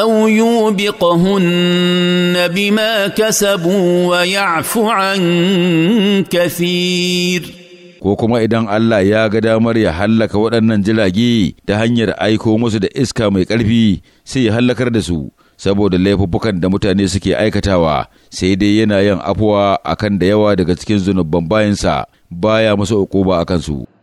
أو يوبقهن بما كسبوا ويعفو عن كثير ko kuma idan Allah ya ga damar ya hallaka waɗannan jirage ta hanyar aiko musu da iska mai ƙarfi sai ya hallakar da su saboda laifuffukan da mutane suke aikatawa sai dai yana yin afuwa akan da yawa daga cikin zunubban bayansa baya musu ba akan su